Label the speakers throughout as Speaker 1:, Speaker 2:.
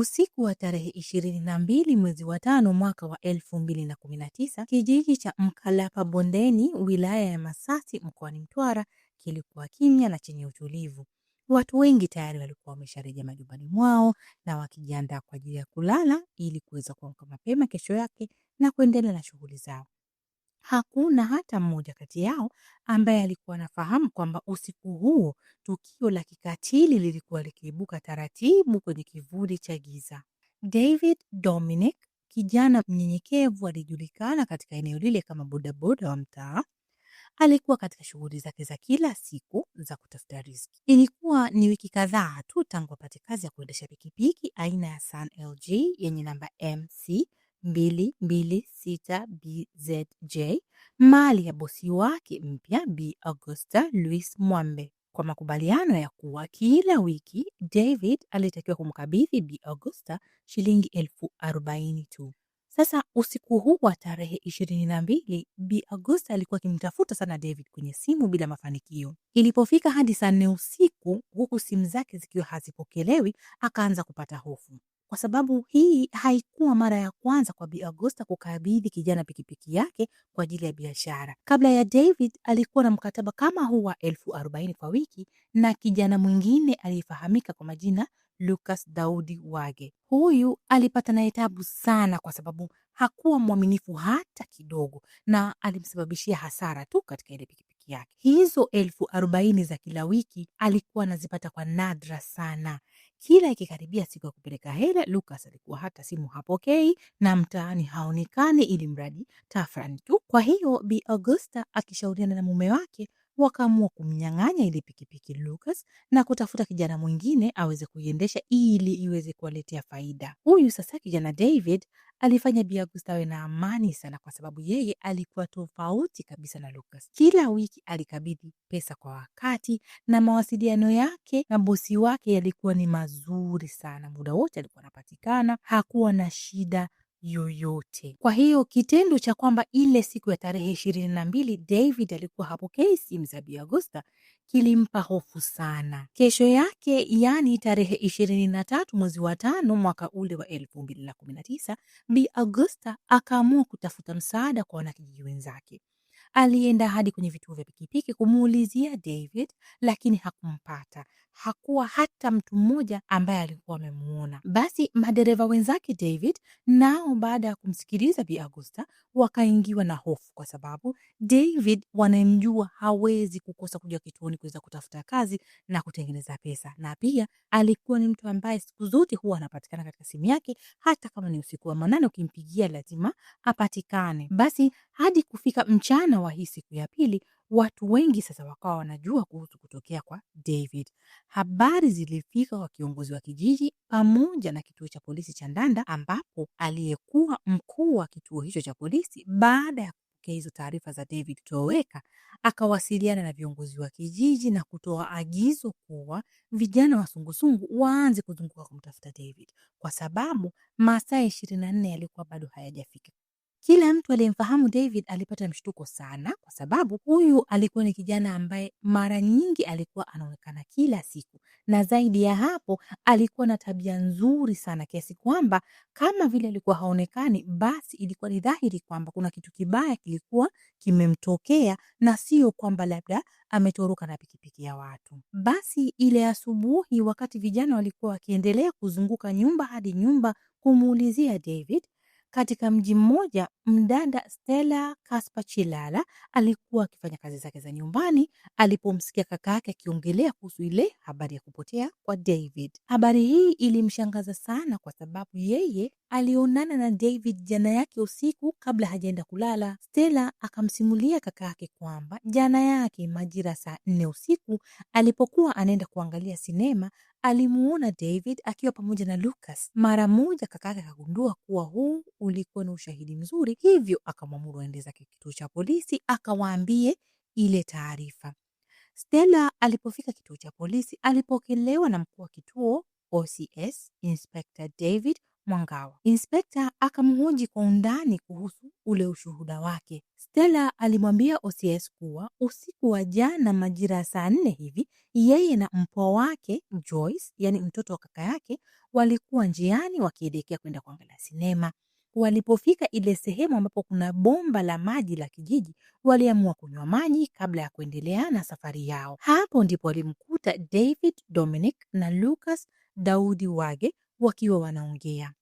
Speaker 1: Usiku wa tarehe ishirini na mbili mwezi wa tano mwaka wa elfu mbili na kumi na tisa kijiji cha Mkalapa Bondeni wilaya ya Masasi mkoani Mtwara kilikuwa kimya na chenye utulivu. Watu wengi tayari walikuwa wamesharejea majumbani mwao na wakijiandaa kwa ajili ya kulala ili kuweza kuamka mapema kesho yake na kuendelea na shughuli zao hakuna hata mmoja kati yao ambaye alikuwa anafahamu kwamba usiku huo tukio la kikatili lilikuwa likiibuka taratibu kwenye kivuli cha giza. David Dominic, kijana mnyenyekevu, alijulikana katika eneo lile kama bodaboda wa mtaa. Alikuwa katika shughuli zake za kila siku za kutafuta riski Ilikuwa ni wiki kadhaa tu tangu apate kazi ya kuendesha pikipiki aina ya San LG yenye namba MC 226 BZJ mali ya bosi wake mpya Bi Augusta Louis Mwambe. Kwa makubaliano ya kuwa kila wiki David alitakiwa kumkabidhi Bi Augusta shilingi elfu arobaini tu. Sasa usiku huu wa tarehe ishirini na mbili Bi Augusta alikuwa akimtafuta sana David kwenye simu bila mafanikio. Ilipofika hadi saa nne usiku, huku simu zake zikiwa hazipokelewi, akaanza kupata hofu kwa sababu hii haikuwa mara ya kwanza kwa Bi Agusta kukabidhi kijana pikipiki yake kwa ajili ya biashara. Kabla ya David alikuwa na mkataba kama huu wa elfu arobaini kwa wiki na kijana mwingine aliyefahamika kwa majina Lucas Daudi Wage. Huyu alipata naye tabu sana, kwa sababu hakuwa mwaminifu hata kidogo, na alimsababishia hasara tu katika ile pikipiki yake. Hizo elfu arobaini za kila wiki alikuwa anazipata kwa nadra sana, kila ikikaribia siku ya kupeleka hela, Lucas alikuwa hata simu hapokei na mtaani haonekani, ili mradi tafrani tu. Kwa hiyo Bi Augusta akishauriana na mume wake wakaamua kumnyang'anya ili pikipiki Lucas na kutafuta kijana mwingine aweze kuiendesha ili iweze kuwaletea faida. Huyu sasa kijana David alifanya Bi Agusta awe na amani sana, kwa sababu yeye alikuwa tofauti kabisa na Lucas. Kila wiki alikabidhi pesa kwa wakati na mawasiliano yake na bosi wake yalikuwa ni mazuri sana. Muda wote alikuwa anapatikana, hakuwa na shida yoyote. Kwa hiyo kitendo cha kwamba ile siku ya tarehe ishirini na mbili David alikuwa hapokei simu za Bi Agusta kilimpa hofu sana. Kesho yake, yaani tarehe ishirini na tatu mwezi wa tano mwaka ule wa elfu mbili na kumi na tisa Bi Agusta akaamua kutafuta msaada kwa wanakijiji wenzake. Alienda hadi kwenye vituo vya pikipiki kumuulizia David, lakini hakumpata hakuwa hata mtu mmoja ambaye alikuwa amemuona. Basi madereva wenzake David nao baada ya kumsikiliza Bi Agusta wakaingiwa na hofu, kwa sababu David wanamjua hawezi kukosa kuja kituoni kuweza kutafuta kazi na kutengeneza pesa, na pia alikuwa ni mtu ambaye siku zote huwa anapatikana katika simu yake, hata kama ni usiku wa manane, ukimpigia lazima apatikane. Basi hadi kufika mchana wa hii siku ya pili Watu wengi sasa wakawa wanajua kuhusu kutokea kwa David. Habari zilifika kwa kiongozi wa kijiji pamoja na kituo cha polisi cha Ndanda, ambapo aliyekuwa mkuu wa kituo hicho cha polisi baada ya kupokea hizo taarifa za David kutoweka, akawasiliana na viongozi wa kijiji na kutoa agizo kuwa vijana wa sungusungu waanze kuzunguka kumtafuta David, kwa sababu masaa ishirini na nne yalikuwa bado hayajafika kila mtu aliyemfahamu David alipata mshtuko sana, kwa sababu huyu alikuwa ni kijana ambaye mara nyingi alikuwa anaonekana kila siku, na zaidi ya hapo alikuwa na tabia nzuri sana kiasi kwamba kama vile alikuwa haonekani, basi ilikuwa ni dhahiri kwamba kuna kitu kibaya kilikuwa kimemtokea na sio kwamba labda ametoroka na pikipiki ya watu. Basi ile asubuhi, wakati vijana walikuwa wakiendelea kuzunguka nyumba hadi nyumba kumuulizia David, katika mji mmoja, mdada Stella Kaspa Chilala alikuwa akifanya kazi zake za nyumbani alipomsikia kaka yake akiongelea kuhusu ile habari ya kupotea kwa David. Habari hii ilimshangaza sana, kwa sababu yeye alionana na David jana yake usiku kabla hajaenda kulala. Stella akamsimulia kaka yake kwamba jana yake majira saa nne usiku alipokuwa anaenda kuangalia sinema alimuona David akiwa pamoja na Lucas. Mara moja yake akagundua kuwa huu ulikuwa ni ushahidi mzuri, hivyo akamwamuru aende zake kituo cha polisi akawaambie ile taarifa. Stella alipofika kituo cha polisi alipokelewa na mkuu wa kituo OCS Inspector David Mwangawa. Inspekta akamhoji kwa undani kuhusu ule ushuhuda wake. Stella alimwambia OCS kuwa usiku wa jana majira ya saa nne hivi yeye na mpwa wake Joyce, yani mtoto wa kaka yake, walikuwa njiani wakielekea kwenda kuangalia sinema. Walipofika ile sehemu ambapo kuna bomba la maji la kijiji, waliamua kunywa maji kabla ya kuendelea na safari yao. Hapo ndipo walimkuta David Dominic na Lucas Daudi Wage wakiwa wanaongea.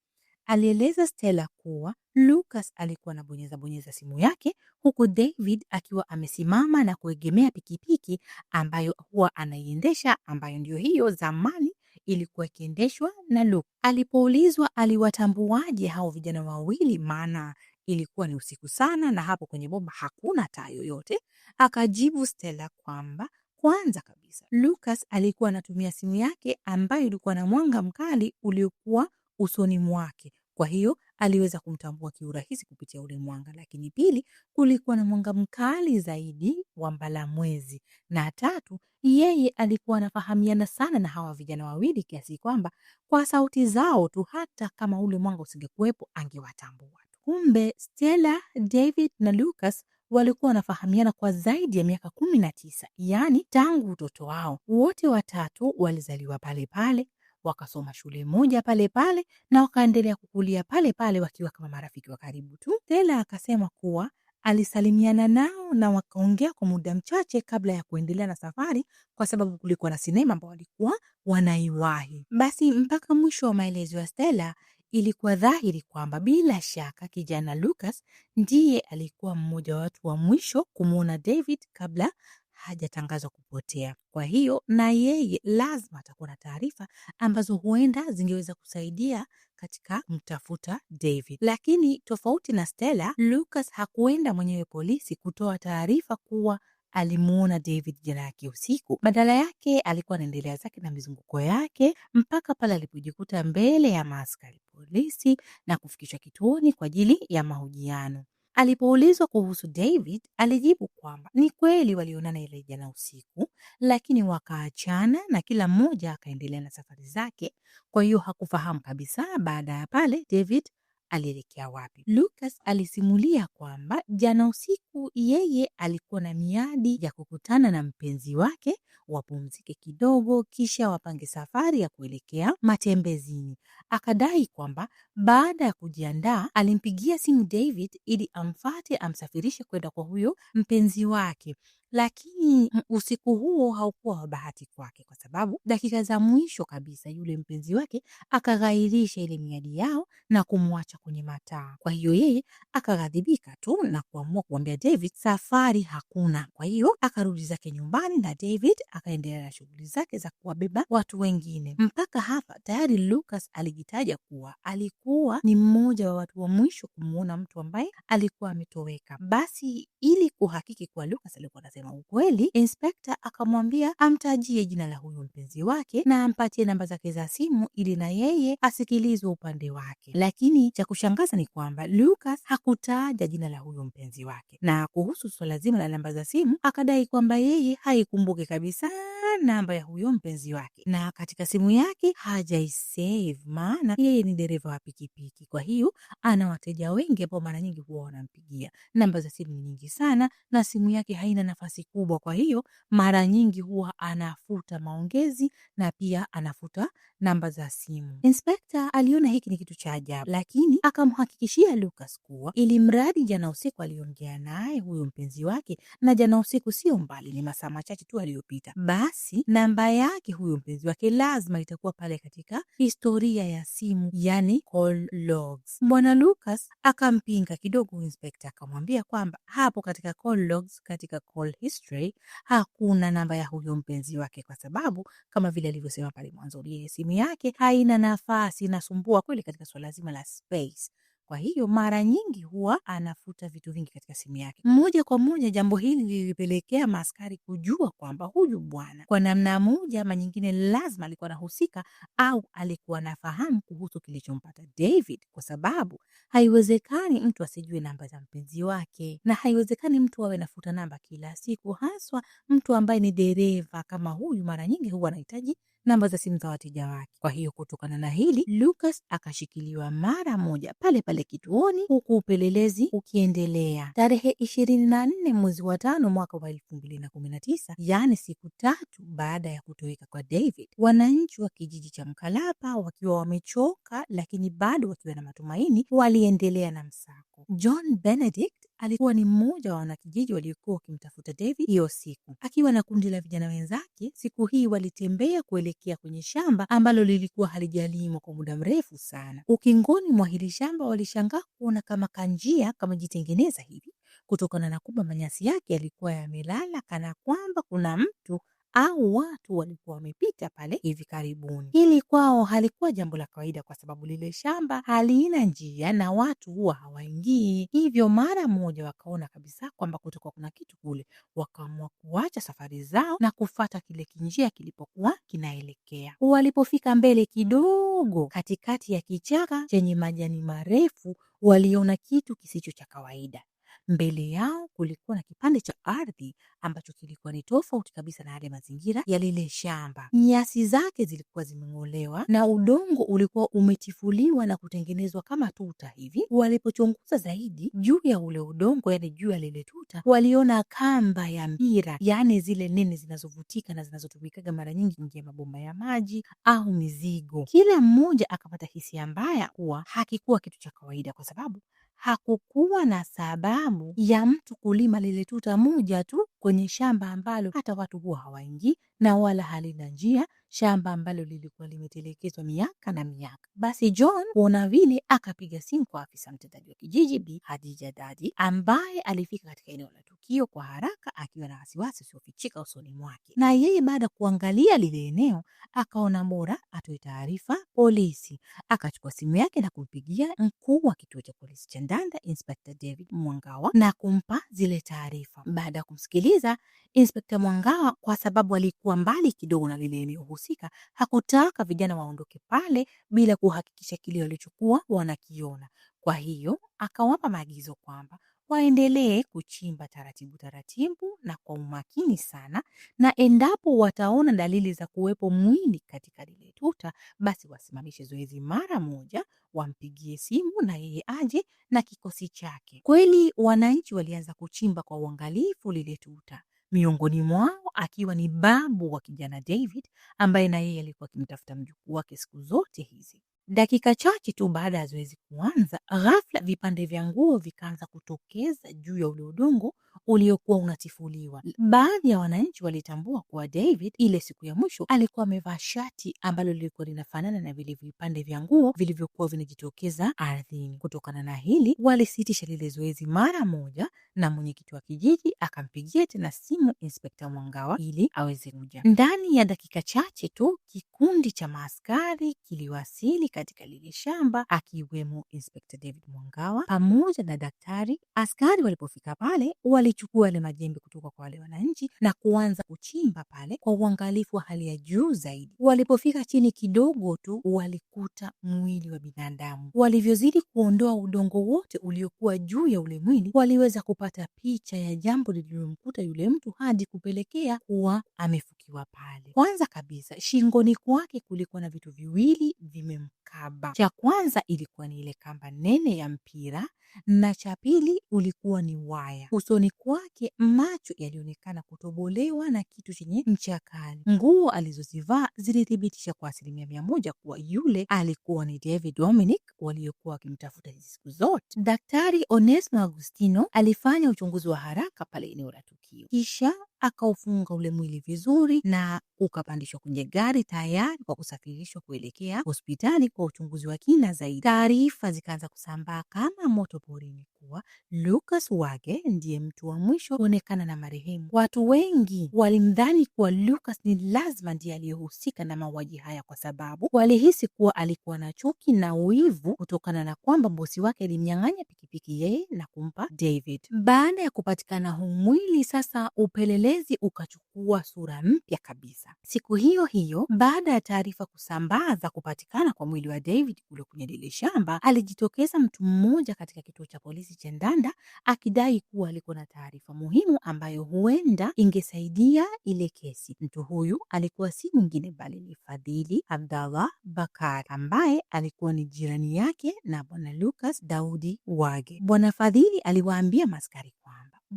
Speaker 1: Alieleza Stella kuwa Lucas alikuwa anabonyeza bonyeza simu yake huku David akiwa amesimama na kuegemea pikipiki ambayo huwa anaiendesha, ambayo ndio hiyo zamani ilikuwa ikiendeshwa na Luke. Alipoulizwa aliwatambuaje hao vijana wawili, maana ilikuwa ni usiku sana na hapo kwenye bomba hakuna taa yoyote, akajibu Stella kwamba kwanza kabisa, Lucas alikuwa anatumia simu yake ambayo ilikuwa na mwanga mkali uliokuwa usoni mwake, kwa hiyo aliweza kumtambua kiurahisi kupitia ule mwanga. Lakini pili, kulikuwa na mwanga mkali zaidi wa mbalamwezi, na tatu, yeye alikuwa anafahamiana sana na hawa vijana wawili kiasi kwamba kwa sauti zao tu, hata kama ule mwanga usingekuwepo angewatambua. Kumbe Stella, David na Lucas walikuwa wanafahamiana kwa zaidi ya miaka kumi na tisa yaani tangu utoto wao. Wote watatu walizaliwa pale pale, wakasoma shule moja pale pale na wakaendelea kukulia pale pale wakiwa kama marafiki wa karibu tu. tela akasema kuwa alisalimiana nao na wakaongea kwa muda mchache kabla ya kuendelea na safari, kwa sababu kulikuwa na sinema ambao walikuwa wanaiwahi. Basi mpaka mwisho wa maelezo ya stela ilikuwa dhahiri kwamba bila shaka kijana Lucas ndiye alikuwa mmoja wa watu wa mwisho kumwona David kabla hajatangazwa kupotea. Kwa hiyo na yeye lazima atakuwa na taarifa ambazo huenda zingeweza kusaidia katika mtafuta David. Lakini tofauti na Stella, Lucas hakuenda mwenyewe polisi kutoa taarifa kuwa alimuona David jana yake usiku. Badala yake alikuwa anaendelea zake na mizunguko yake mpaka pale alipojikuta mbele ya maaskari polisi na kufikishwa kituoni kwa ajili ya mahojiano. Alipoulizwa kuhusu David alijibu kwamba ni kweli walionana ile jana usiku, lakini wakaachana na kila mmoja akaendelea na safari zake. Kwa hiyo hakufahamu kabisa baada ya pale David alielekea wapi. Lucas alisimulia kwamba jana usiku yeye alikuwa na miadi ya kukutana na mpenzi wake, wapumzike kidogo, kisha wapange safari ya kuelekea matembezini. Akadai kwamba baada ya kujiandaa alimpigia simu David ili amfate amsafirishe kwenda kwa huyo mpenzi wake, lakini mm. usiku huo haukuwa wa bahati kwake, kwa sababu dakika za mwisho kabisa yule mpenzi wake akaghairisha ile miadi yao na kumwacha kwenye mataa. Kwa hiyo yeye akaghadhibika tu na kuamua kuambia David safari hakuna. Kwa hiyo akarudi zake nyumbani na David akaendelea na shughuli zake za kuwabeba watu wengine. Mpaka hapa tayari Lucas alijitaja kuwa alikuwa ni mmoja wa watu wa mwisho kumwona mtu ambaye alikuwa ametoweka. Basi ili kuhakiki kuwa Lucas alikuwa akasema ukweli, inspekta akamwambia amtajie jina la huyo mpenzi wake na ampatie namba zake za simu ili na yeye asikilizwe upande wake. Lakini cha kushangaza ni kwamba Lucas hakutaja jina la huyo mpenzi wake, na kuhusu swala zima la namba za simu akadai kwamba yeye haikumbuki kabisa namba ya huyo mpenzi wake, na katika simu yake hajaisave, maana yeye ni dereva wa pikipiki. Kwa hiyo ana wateja wengi ambao mara nyingi huwa wanampigia, namba za simu ni nyingi sana, na simu yake haina nafasi kubwa. Kwa hiyo mara nyingi huwa anafuta maongezi na pia anafuta namba za simu. Inspekta aliona hiki ni kitu cha ajabu, lakini akamhakikishia Lucas kuwa ili mradi jana usiku aliongea naye huyo mpenzi wake, na jana usiku sio mbali, ni masaa machache tu aliyopita, basi namba yake huyo mpenzi wake lazima itakuwa pale katika historia ya simu, yani call logs. Bwana Lucas akampinga kidogo inspekta, akamwambia kwamba hapo katika call logs, katika call history hakuna namba ya huyo mpenzi wake, kwa sababu kama vile alivyosema pale mwanzo, yeye si simu yake haina nafasi, inasumbua kweli katika swala zima la space. Kwa hiyo mara nyingi huwa anafuta vitu vingi katika simu yake. Moja kwa moja, jambo hili lilipelekea maaskari kujua kwamba huyu bwana kwa namna moja ama nyingine lazima alikuwa anahusika au alikuwa anafahamu kuhusu kilichompata David, kwa sababu haiwezekani mtu asijue namba za mpenzi wake, na haiwezekani mtu awe nafuta namba kila siku, haswa mtu ambaye ni dereva kama huyu. Mara nyingi huwa anahitaji namba za simu za wateja wake. Kwa hiyo kutokana na hili, Lucas akashikiliwa mara moja pale pale kituoni, huku upelelezi ukiendelea. Tarehe ishirini na nne mwezi wa tano mwaka wa elfu mbili na kumi na tisa yaani siku tatu baada ya kutoweka kwa David, wananchi wa kijiji cha Mkalapa wakiwa wamechoka, lakini bado wakiwa na matumaini, waliendelea na msako. John Benedict alikuwa ni mmoja wa wanakijiji waliokuwa wakimtafuta David hiyo siku. Akiwa na kundi la vijana wenzake, siku hii walitembea kuelekea kwenye shamba ambalo lilikuwa halijalimwa kwa muda mrefu sana. Ukingoni mwa hili shamba, walishangaa kuona kama kanjia kamejitengeneza hivi kutokana na kuba manyasi yake yalikuwa yamelala kana kwamba kuna mtu au watu walikuwa wamepita pale hivi karibuni. Hili kwao halikuwa jambo la kawaida, kwa sababu lile shamba halina njia na watu huwa hawaingii. Hivyo mara moja wakaona kabisa kwamba kutoka kuna kitu kule, wakaamua kuacha safari zao na kufata kile kinjia kilipokuwa kinaelekea. Walipofika mbele kidogo, katikati ya kichaka chenye majani marefu, waliona kitu kisicho cha kawaida. Mbele yao kulikuwa na kipande cha ardhi ambacho kilikuwa ni tofauti kabisa na yale mazingira ya lile shamba. Nyasi zake zilikuwa zimeng'olewa na udongo ulikuwa umetifuliwa na kutengenezwa kama tuta hivi. Walipochunguza zaidi juu ya ule udongo, yani juu ya lile tuta, waliona kamba ya mpira, yani zile nene zinazovutika na zinazotumikaga mara nyingi nje ya mabomba ya maji au mizigo. Kila mmoja akapata hisia mbaya kuwa hakikuwa kitu cha kawaida, kwa sababu hakukuwa na sababu ya mtu kulima lile tuta moja tu kwenye shamba ambalo hata watu huwa hawaingii na wala halina njia, shamba ambalo lilikuwa limetelekezwa miaka na miaka. Basi John kuona vile akapiga simu kwa afisa mtendaji wa kijiji Bi Hadija Dadi ambaye alifika katika eneo la matukio kwa haraka, akiwa na wasiwasi usiofichika usoni mwake. Na yeye baada ya kuangalia lile eneo akaona bora atoe taarifa polisi. Akachukua simu yake na kumpigia mkuu wa kituo cha polisi cha Ndanda, Inspekta David Mwangawa na kumpa zile taarifa. Baada ya kumsikiliza Inspekta Mwangawa, kwa sababu alikuwa mbali kidogo na lile eneo husika, hakutaka vijana waondoke pale bila kuhakikisha kile walichokuwa wanakiona. Kwa hiyo akawapa maagizo kwamba waendelee kuchimba taratibu taratibu na kwa umakini sana, na endapo wataona dalili za kuwepo mwili katika lile tuta, basi wasimamishe zoezi mara moja, wampigie simu na yeye aje na kikosi chake. Kweli wananchi walianza kuchimba kwa uangalifu lile tuta, miongoni mwao akiwa ni babu wa kijana David ambaye na yeye alikuwa akimtafuta mjukuu wake siku zote hizi. Dakika chache tu baada ya zoezi kuanza, ghafla vipande vya nguo vikaanza kutokeza juu ya ule udongo uliokuwa unatifuliwa. Baadhi ya wananchi walitambua kuwa David ile siku ya mwisho alikuwa amevaa shati ambalo lilikuwa linafanana na vile vipande vya nguo vilivyokuwa vinajitokeza ardhini. Kutokana na hili, walisitisha lile zoezi mara moja, na mwenyekiti wa kijiji akampigia tena simu Inspekta Mwangawa ili aweze kuja. Ndani ya dakika chache tu kikundi cha maaskari kiliwasili katika lile shamba, akiwemo Inspekta David Mwangawa pamoja na daktari. Askari walipofika pale wali walichukua yale majembe kutoka kwa wale wananchi na kuanza kuchimba pale kwa uangalifu wa hali ya juu zaidi. Walipofika chini kidogo tu, walikuta mwili wa binadamu. Walivyozidi kuondoa udongo wote uliokuwa juu ya ule mwili, waliweza kupata picha ya jambo lililomkuta yule mtu hadi kupelekea kuwa amefukiwa pale. Kwanza kabisa, shingoni kwake kulikuwa na vitu viwili vime kaba. Cha kwanza ilikuwa ni ile kamba nene ya mpira na cha pili ulikuwa ni waya. Usoni kwake macho yalionekana kutobolewa na kitu chenye ncha kali. Nguo alizozivaa zilithibitisha kwa asilimia mia moja kuwa yule alikuwa ni David Dominic waliokuwa wakimtafuta siku zote. Daktari Onesmo Agustino alifanya uchunguzi wa haraka pale eneo la tukio, kisha akaufunga ule mwili vizuri na ukapandishwa kwenye gari tayari kwa kusafirishwa kuelekea hospitali kwa uchunguzi wa kina zaidi. Taarifa zikaanza kusambaa kama moto porini kuwa Lucas Wage ndiye mtu wa mwisho kuonekana na marehemu. Watu wengi walimdhani kuwa Lucas ni lazima ndiye aliyehusika na mauaji haya, kwa sababu walihisi kuwa alikuwa na chuki na uivu kutokana na kwamba bosi wake alimnyang'anya pikipiki yeye na kumpa David. Baada ya kupatikana huu mwili, sasa upelelezi ukachukua sura mpya kabisa. Siku hiyo hiyo, baada ya taarifa kusambaa za kupatikana kwa mwili wa David kule kwenye lile shamba, alijitokeza mtu mmoja katika kituo cha polisi kiti akidai kuwa alikuwa na taarifa muhimu ambayo huenda ingesaidia ile kesi. Mtu huyu alikuwa si mwingine bali ni Fadhili Abdallah Bakari ambaye alikuwa ni jirani yake na Bwana Lucas Daudi Wage. Bwana Fadhili aliwaambia maskari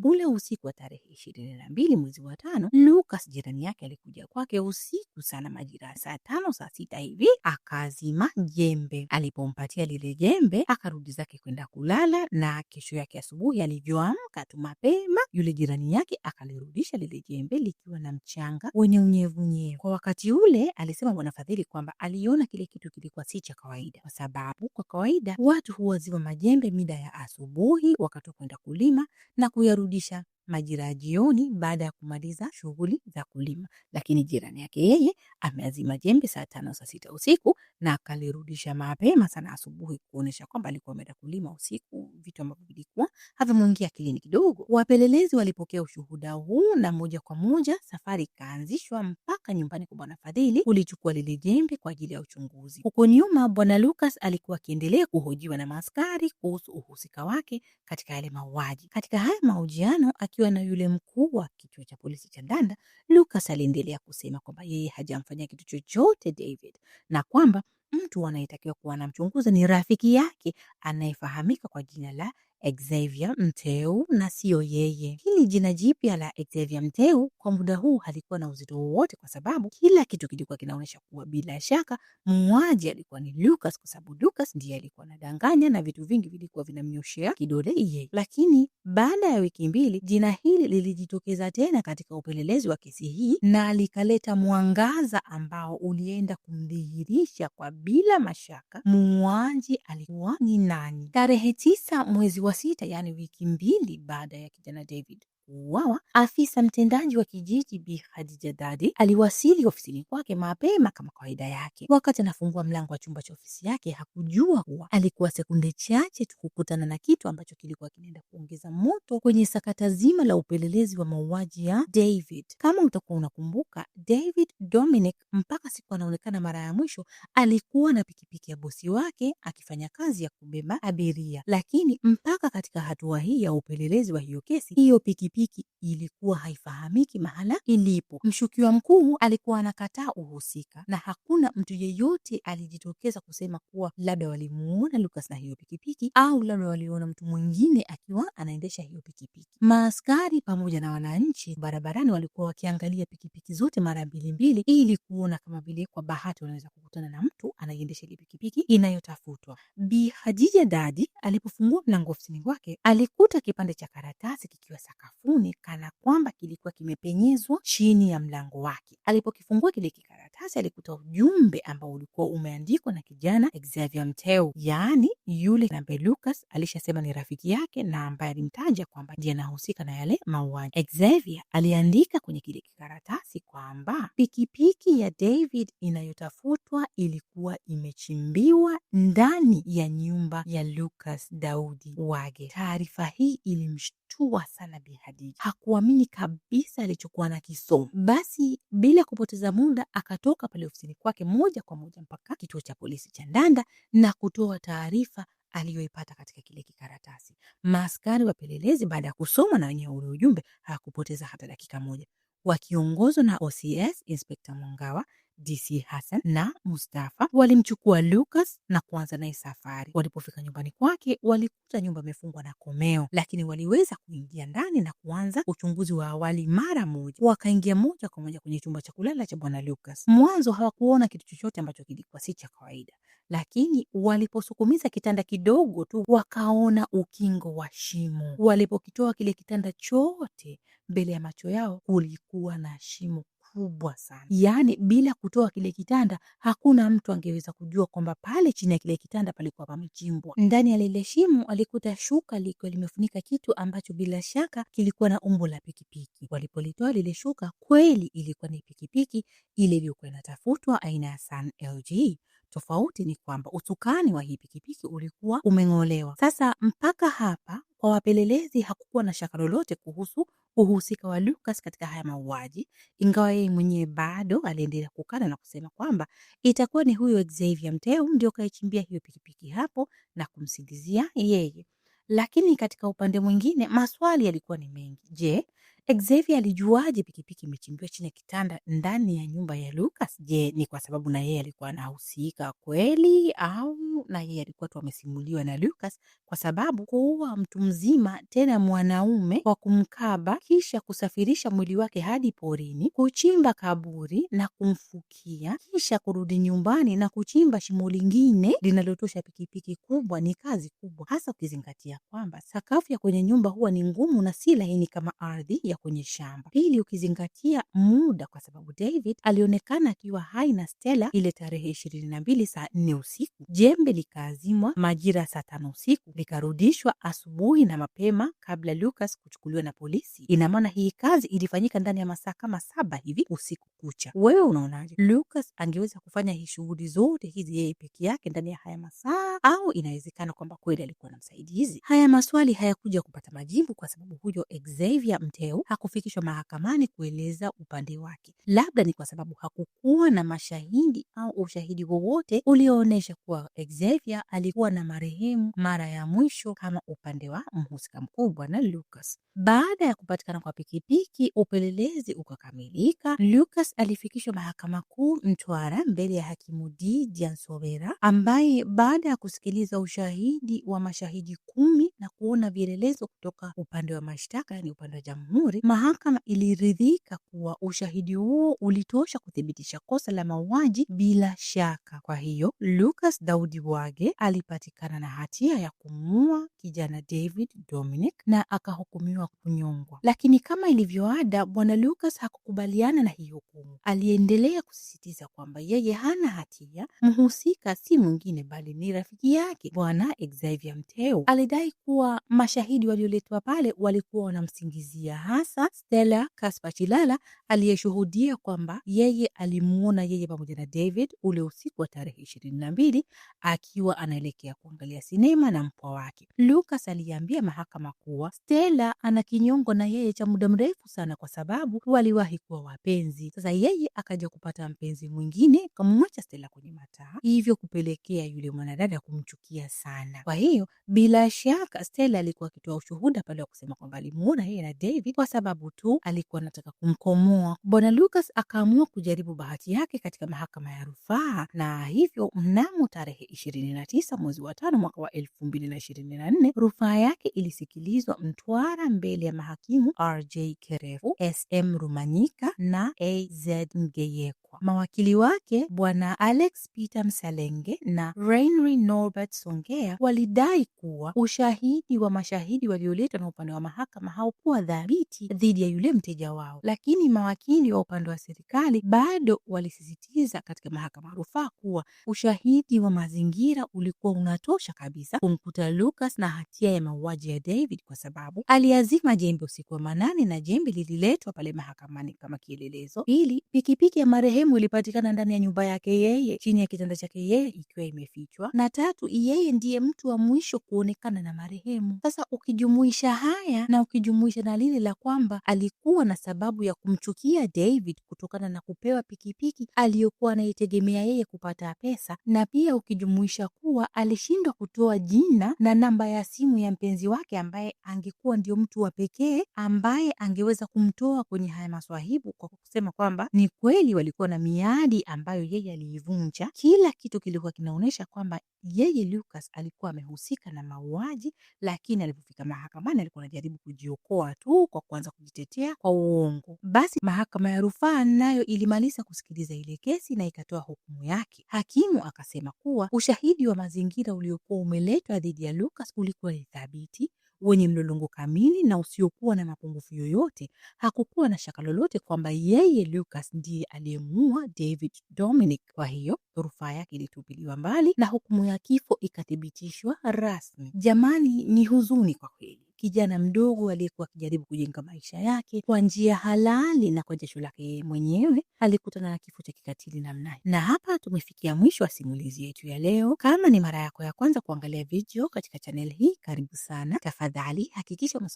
Speaker 1: Ule usiku wa tarehe ishirini na mbili mwezi wa tano, Lucas jirani yake alikuja kwake usiku sana, majira ya saa tano saa sita hivi, akazima jembe. Alipompatia lile jembe, akarudi zake kwenda kulala, na kesho yake asubuhi alivyoamka tu mapema, yule jirani yake akalirudisha lile jembe likiwa na mchanga wenye unyevunyevu. Kwa wakati ule alisema Bwana Fadhili kwamba aliona kile kitu kilikuwa si cha kawaida, kwa sababu kwa kawaida watu huwaziwa majembe mida ya asubuhi wakati kwenda kulima na kuyarudi Orissa majira ya jioni baada ya kumaliza shughuli za kulima, lakini jirani yake yeye ameazima jembe saa tano saa sita usiku na akalirudisha mapema sana asubuhi, kuonyesha kwamba alikuwa ameenda kulima usiku, vitu ambavyo vilikuwa havimwingia akilini kidogo. Wapelelezi walipokea ushuhuda huu na moja kwa moja safari ikaanzishwa mpaka nyumbani kwa Bwana Fadhili kulichukua lile jembe kwa ajili ya uchunguzi. Huko nyuma, Bwana Lucas alikuwa akiendelea kuhojiwa na maaskari kuhusu uhusika wake katika yale mauaji. Katika haya mahojiano akiwa na yule mkuu wa kituo cha polisi cha Ndanda, Lucas aliendelea kusema kwamba yeye hajamfanyia kitu chochote David na kwamba mtu anayetakiwa kuwa anamchunguza ni rafiki yake anayefahamika kwa jina la Xavier Mteu na siyo yeye. Hili jina jipya la Xavier Mteu kwa muda huu halikuwa na uzito wowote, kwa sababu kila kitu kilikuwa kinaonyesha kuwa bila shaka muuaji alikuwa ni Lucas, kwa sababu Lucas ndiye alikuwa anadanganya na vitu vingi vilikuwa vinamnyoshea kidole yeye. Lakini baada ya wiki mbili, jina hili lilijitokeza tena katika upelelezi wa kesi hii na likaleta mwangaza ambao ulienda kumdhihirisha kwa bila mashaka muuaji alikuwa ni nani. Tarehe tisa mwezi wa sita, yaani wiki mbili baada ya kijana David kuuawa, afisa mtendaji wa kijiji Bi Khadija Dadi aliwasili ofisini kwake mapema kama kawaida yake. Wakati anafungua mlango wa chumba cha ofisi yake, hakujua kuwa alikuwa sekunde chache tu kukutana na kitu ambacho kilikuwa kinaenda kuongeza moto kwenye sakata zima la upelelezi wa mauaji ya David. Kama utakuwa unakumbuka, David Dominic mpaka siku anaonekana mara ya mwisho alikuwa na pikipiki ya bosi wake akifanya kazi ya kubeba abiria, lakini mpaka katika hatua hii ya upelelezi wa hiyo kesi, hiyo pikipiki pikipiki ilikuwa haifahamiki mahala ilipo. Mshukiwa mkuu alikuwa anakataa uhusika na hakuna mtu yeyote alijitokeza kusema kuwa labda walimuona lukas na hiyo pikipiki au labda waliona mtu mwingine akiwa anaendesha hiyo pikipiki. Maaskari pamoja na wananchi barabarani walikuwa wakiangalia pikipiki zote mara mbili mbili, ili kuona kama vile kwa bahati wanaweza kukutana na mtu anaendesha ile pikipiki inayotafutwa. bihajija Dadi alipofungua mlango ofisini kwake alikuta kipande cha karatasi kikiwa sakafu kuni kana kwamba kilikuwa kimepenyezwa chini ya mlango wake. Alipokifungua kile kikaratasi, alikuta ujumbe ambao ulikuwa umeandikwa na kijana Xavier Mteu, yaani yule ambaye Lucas alishasema ni rafiki yake na ambaye alimtaja kwamba ndiye anahusika na yale mauaji. Xavier aliandika kwenye kile kikaratasi kwamba pikipiki ya David inayotafutwa ilikuwa imechimbiwa ndani ya nyumba ya Lucas Daudi Wage. Taarifa hii ilimshtua ametua sana Bi Hakuamini kabisa alichokuwa na kisoma Basi bila kupoteza muda akatoka pale ofisini kwake moja kwa moja mpaka kituo cha polisi cha Ndanda na kutoa taarifa aliyoipata katika kile kikaratasi. Maaskari wapelelezi baada ya kusoma na wenyewe ule ujumbe hawakupoteza hata dakika moja, wakiongozwa na OCS Inspekta Mwangawa DC Hassan na Mustafa walimchukua Lucas na kuanza naye safari. Walipofika nyumbani kwake, walikuta nyumba imefungwa na komeo, lakini waliweza kuingia ndani na kuanza uchunguzi wa awali mara moja. Wakaingia moja kwa moja kwenye chumba cha kulala cha bwana Lucas. Mwanzo hawakuona kitu chochote ambacho kilikuwa si cha kawaida, lakini waliposukumiza kitanda kidogo tu wakaona ukingo wa shimo. Walipokitoa kile kitanda chote, mbele ya macho yao kulikuwa na shimo kubwa sana, yaani bila kutoa kile kitanda hakuna mtu angeweza kujua kwamba pale chini ya kile kitanda palikuwa pamechimbwa. Ndani ya lile shimo alikuta shuka likiwa limefunika kitu ambacho bila shaka kilikuwa na umbo la pikipiki. Walipolitoa lile shuka, kweli ilikuwa ni pikipiki ile iliyokuwa inatafutwa aina ya San LG. Tofauti ni kwamba usukani wa hii pikipiki ulikuwa umeng'olewa. Sasa mpaka hapa kwa wapelelezi hakukuwa na shaka lolote kuhusu uhusika wa Lucas katika haya mauaji, ingawa yeye mwenyewe bado aliendelea kukana na kusema kwamba itakuwa ni huyo Xavier Mteu ndio kaichimbia hiyo pikipiki hapo na kumsingizia yeye. Lakini katika upande mwingine maswali yalikuwa ni mengi. Je, Xavier alijuaje pikipiki imechimbiwa chini ya kitanda ndani ya nyumba ya Lucas? Je, ni kwa sababu na yeye alikuwa anahusika kweli au na yeye alikuwa tu amesimuliwa na Lucas? Kwa sababu kuua mtu mzima, tena mwanaume, kwa kumkaba kisha kusafirisha mwili wake hadi porini, kuchimba kaburi na kumfukia, kisha kurudi nyumbani na kuchimba shimo lingine linalotosha pikipiki kubwa, ni kazi kubwa, hasa ukizingatia kwamba sakafu ya kwenye nyumba huwa ni ngumu na si laini kama ardhi ya kwenye shamba. Pili, ukizingatia muda, kwa sababu David alionekana akiwa hai na Stella ile tarehe ishirini na mbili saa nne usiku. Jembe likaazimwa majira saa tano usiku likarudishwa asubuhi na mapema kabla Lucas kuchukuliwa na polisi. Ina maana hii kazi ilifanyika ndani ya masaa kama saba hivi usiku kucha. Wewe unaonaje, Lucas angeweza kufanya hii shughuli zote hizi yeye peke yake ndani ya haya masaa, au inawezekana kwamba kweli alikuwa na msaidizi? Haya maswali hayakuja kupata majibu kwa sababu huyo Xavier Mteu hakufikishwa mahakamani kueleza upande wake. Labda ni kwa sababu hakukuwa na mashahidi au ushahidi wowote ulioonyesha kuwa Xavier alikuwa na marehemu mara ya mwisho kama upande wa mhusika mkuu Bwana Lucas. Baada ya kupatikana kwa pikipiki, upelelezi ukakamilika. Lucas alifikishwa Mahakama Kuu Mtwara mbele ya hakimu D Jansovera ambaye baada ya kusikiliza ushahidi wa mashahidi kumi na kuona vielelezo kutoka upande wa mashtaka, yani upande wa jamhuri, mahakama iliridhika kuwa ushahidi huo ulitosha kuthibitisha kosa la mauaji bila shaka. Kwa hiyo Lucas Daudi Wage alipatikana na hatia ya kumuua kijana David Dominic na akahukumiwa kunyongwa. Lakini kama ilivyoada, bwana Lucas hakukubaliana na hii hukumu. Aliendelea kusisitiza kwamba yeye hana hatia, mhusika si mwingine bali ni rafiki yake bwana Xavier Mteu. Alidai kuwa mashahidi walioletwa pale walikuwa wanamsingizia hasa Stella Kaspa Chilala aliyeshuhudia kwamba yeye alimuona yeye pamoja na David ule usiku wa tarehe ishirini na mbili akiwa anaelekea kuangalia sinema na mpwa wake. Lucas aliambia mahakama kuwa Stella ana kinyongo na yeye cha muda mrefu sana, kwa sababu waliwahi kuwa wapenzi. Sasa yeye akaja kupata mpenzi mwingine, kamwacha Stella kwenye mataa, hivyo kupelekea yule mwanadada kumchukia sana. Kwa hiyo bila shaka kwamba alikuwa akitoa ushuhuda pale wa kusema kwamba alimuona yeye na David kwa sababu tu alikuwa anataka kumkomoa. Bwana Lucas akaamua kujaribu bahati yake katika mahakama ya rufaa, na hivyo mnamo tarehe ishirini na tisa mwezi wa tano mwaka wa elfu mbili na ishirini na nne rufaa yake ilisikilizwa Mtwara mbele ya mahakimu RJ Kerefu, SM Rumanyika na AZ Mgeyeko. Mawakili wake Bwana Alex Peter Msalenge na Reinry Norbert Songea walidai kuwa ushahidi wa mashahidi walioletwa na upande wa mahakama haukuwa dhabiti dhidi ya yule mteja wao, lakini mawakili wa upande wa serikali bado walisisitiza katika mahakama rufaa kuwa ushahidi wa mazingira ulikuwa unatosha kabisa kumkuta Lucas na hatia ya mauaji ya David kwa sababu aliazima jembe usiku wa manane na jembe lililetwa pale mahakamani kama kielelezo. Pili, pikipiki ya marehemu Marehemu ilipatikana ndani ya nyumba yake yeye, chini ya kitanda chake yeye, ikiwa imefichwa. Na tatu, yeye ndiye mtu wa mwisho kuonekana na marehemu. Sasa ukijumuisha haya na ukijumuisha na lile la kwamba alikuwa na sababu ya kumchukia David kutokana na kupewa pikipiki aliyokuwa anaitegemea yeye kupata pesa, na pia ukijumuisha kuwa alishindwa kutoa jina na namba ya simu ya mpenzi wake ambaye angekuwa ndio mtu wa pekee ambaye angeweza kumtoa kwenye haya maswahibu, kwa kusema kwamba ni kweli walikuwa na miadi ambayo yeye aliivunja. Kila kitu kilikuwa kinaonyesha kwamba yeye Lucas alikuwa amehusika na mauaji, lakini alipofika mahakamani alikuwa anajaribu kujiokoa tu kwa kuanza kujitetea kwa uongo. Basi mahakama ya rufaa nayo ilimaliza kusikiliza ile kesi na ikatoa hukumu yake. Hakimu akasema kuwa ushahidi wa mazingira uliokuwa umeletwa dhidi ya Lucas ulikuwa ni thabiti wenye mlolongo kamili na usiokuwa na mapungufu yoyote. Hakukuwa na shaka lolote kwamba yeye Lucas ndiye aliyemuua David Dominic. Kwa hiyo rufaa yake ilitupiliwa mbali na hukumu ya kifo ikathibitishwa rasmi. Jamani, ni huzuni kwa kweli kijana mdogo aliyekuwa akijaribu kujenga maisha yake kwa njia halali na kwa jasho lake mwenyewe, alikutana na kifo cha kikatili namna hii. Na hapa tumefikia mwisho wa simulizi yetu ya leo. Kama ni mara yako ya kwanza kuangalia video katika chaneli hii, karibu sana. Tafadhali hakikisha una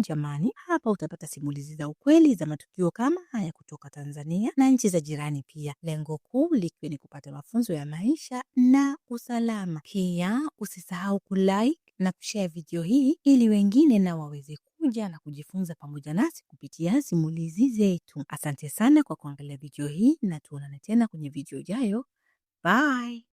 Speaker 1: jamani. Hapa utapata simulizi za ukweli za matukio kama haya kutoka Tanzania na nchi za jirani, pia lengo kuu likiwa ni kupata mafunzo ya maisha na usalama. Pia usisahau kulike na kushare video hii ili wengine na waweze kuja na kujifunza pamoja nasi kupitia simulizi zetu. Asante sana kwa kuangalia video hii na tuonane tena kwenye video ijayo. Bye.